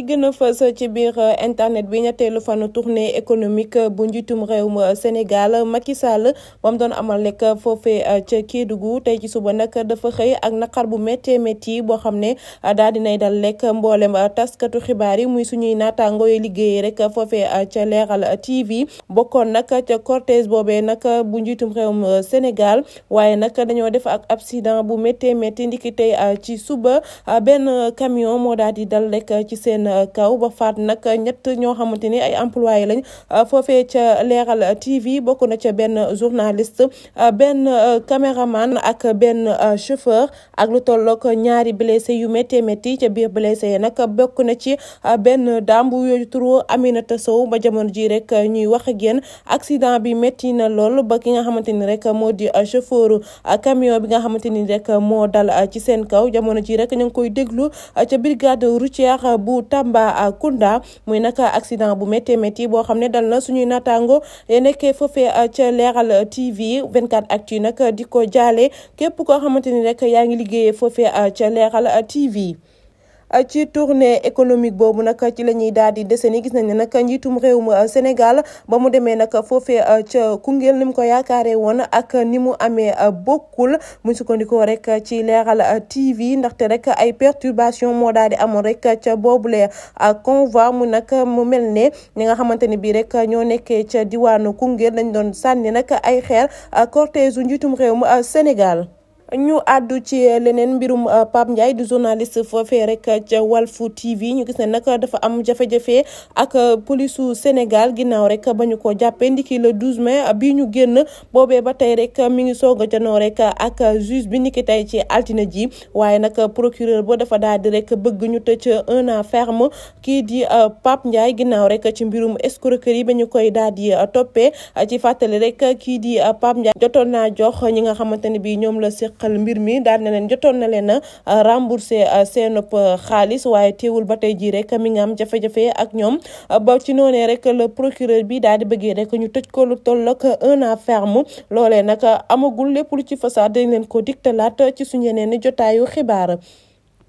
li gën a fës ci biir euh, internet bi ñetteelu fanu tournée économique euh, bu njiitum réewum euh, Sénégal Macky Sall moom doon amal lekk foofee ca Kédougou tey ci suba nag dafa xëy ak naqar bu méttee métti boo xam ne daal dinay dal lekk mboolem taskatu xibaar yi muy suñuy naataango yi liggéey rek foofee ca Leeral TV bokkoon nag ca cortège boobee nag bu njiitum réewum Sénégal waaye nag dañoo def ak accident bu méttee métti ndiki tey ci suba benn camion moo daal di dal rek kaw ba faat nag ñett ñoo xamante ni ay employé lañ euh, foofee ca leeral TV bokk na ca benn journaliste euh, benn euh, caméraman ak benn chauffeur ak lu tollook ñaari blessé yu métti métti ca biir blessé yi nag bokk na ci benn dambu bu yooyu turu Aminata Sow ba jamono ji rek ñuy wax ak accident bi métti na lool ba ki nga xamante ni rek moo di chauffeur camion bi nga xamante ni rek moo dal ci seen kaw jamono ji rek ñu koy déglu ca brigade routière bu Tambacounda muy nag accident bu méttee métti boo xam ne dal na suñuy naataango nekkee foofee ca leeral TV 24 actu nag di ko jaale képp koo xamante ni rek yaa ngi liggéeyee foofee ca leeral TV. ci tournée économique boobu nag ci la ñuy daal di dese ni gis nañ ne nag njiitum réew mu euh, Sénégal bamu mu demee nag foofee euh, ca Koungheul ni mu ko yaakaaree woon ak ni mu amee euh, bokkul mu sukkandikoo rek ci leeral TV ndaxte rek ay perturbation moo daal di amoon rek ca boobule convoi mu nag mu mel ne ñi nga xamante ni bii rek ñoo nekkee ca diwaanu Koungheul lañ doon sànni nag ay xeer cortège njiitum réew mu Sénégal. ñu àddu ci leneen mbirum euh, Pape Ndiaye du journaliste foofee rek ca Walfu TV ñu gis ne nag dafa am jafe-jafe ak euh, polisu Sénégal ginnaaw rek ba ñu ko jàppee ndiki le douze mai bi ñu génn boobee ba tey rek mi ngi soog a janoo rek ak juge bi niki tey ci altine ji waaye nag procureur ba dafa daal di rek bëgg ñu tëj un an ferme kii di euh, Pape Ndiaye ginnaaw rek ci mbirum yi ba ñu koy daal di toppee ci fàttali rek kii di Pape Ndiaye jotoon naa jox ñi nga xamante ne bi ñoom la séq seqal mbir mi daal na leen jotoon na leen a remboursé seen xaalis waaye teewul ba tey jii rek mi nga am jafe-jafe ak ñoom ba ci noonee rek le procureur bi daal di bëggee rek ñu tëj ko lu toll ak un an loole loolee nag amagul lépp lu ci fasaat dañ leen ko laat ci suñu yeneen jotaayu xibaara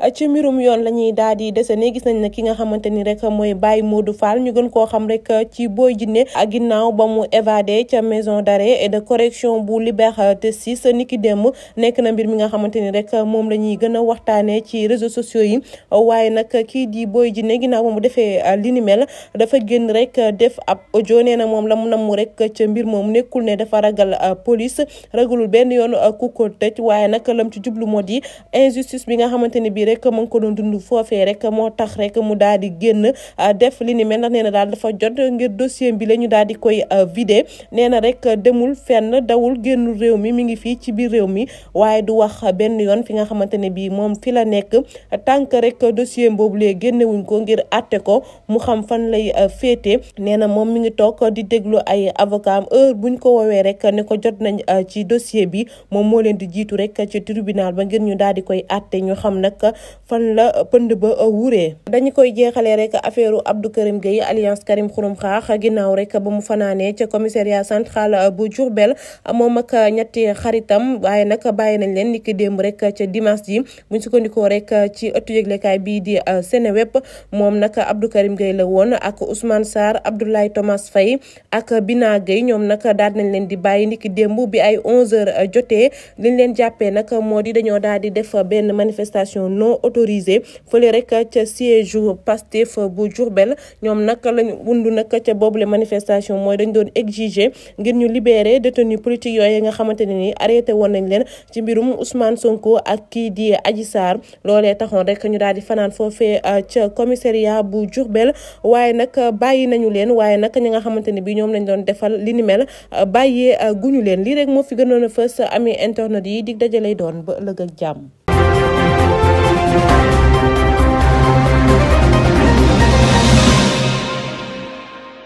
ci mbirum yoon la ñuy daal di desene gis nañ ne ki nga xamante ni rek mooy Baye Modou Fall ñu gën koo xam rek ci Boy Djiné ak ginnaaw ba mu évadé ca maison d'arrêt et de correction bu Liberté 6 niki démb nekk na mbir mi nga xamante ni rek moom la ñuy gën a waxtaanee ci réseaux sociaux yi waaye nag kii di Boy Djiné ginnaaw ba mu defee li ni mel dafa génn rek def ab audio na moom la mu namm rek ca mbir moom nekkul ne dafa ragal euh, police ragalul benn yoon a euh, ko tëj waaye nag lam ci jublu moo di rek mu ko doon dund foofee rek moo tax rek mu daal di génn ah, def li ni mel ndax nee na daal dafa jot ngir dossier bi la ñu daal di koy ah, vidé nee na rek demul fenn dawul génn réew mi mi ngi fii ci biir réew mi waaye du wax benn yoon fi nga xamante ne bii moom fi la nekk tànk rek dossier boobu lee génnewuñ ko ngir àtte ko mu xam fan lay ah, féete nee na moom mi ngi toog di déglu ay avocat heure buñ ko woowee rek ne ko jot nañ ci dossier bi moom moo leen di jiitu rek ci tribunal ba ngir ñu daal di koy àtte ñu xam nag fan la pënd ba uh, wuree dañu koy jeexalee rek affaire Abdou Karim Gueye alliance Karim Xurum Xaax ginnaaw rek ba mu fanaanee ca commissariat central uh, bu Diourbel uh, moom ak ñetti xaritam waaye nag bàyyi nañ leen niki démb rek ca dimanche yi buñ sukkandikoo rek ci ëttu yëglekaay bii di Seneweb moom nag Abdou Karim Gueye la woon ak Ousmane Sarr Abdoulaye Thomas fay ak Bina Gueye ñoom nag daal nañ leen di bàyyi niki démb bi ay 11h jotee liñ leen jàppee nag moo di dañoo daal di def benn manifestation non autorisé fële rek ca siège Pastef bu Diourbel ñoom naka lañ wund naka ca boobule manifestation mooy dañu doon exiger ngir ñu libérer détenu politique yooyu nga xamante ne ni arrêté woon nañ leen ci mbirum Ousmane Sonko ak kii di aji Sarr loole taxoon rek ñu daal di fanaan foofee euh, ca commissariat bu Diourbel waaye nag euh, bàyyi nañu leen waaye nag ñi nga xamante ne bi ñoom lañ doon defal li ni mel euh, bàyyee guñu leen li rek moo fi gënoon a fës ami internet yi dig dajalay doon ba ëllëg ak jàmm Thank you.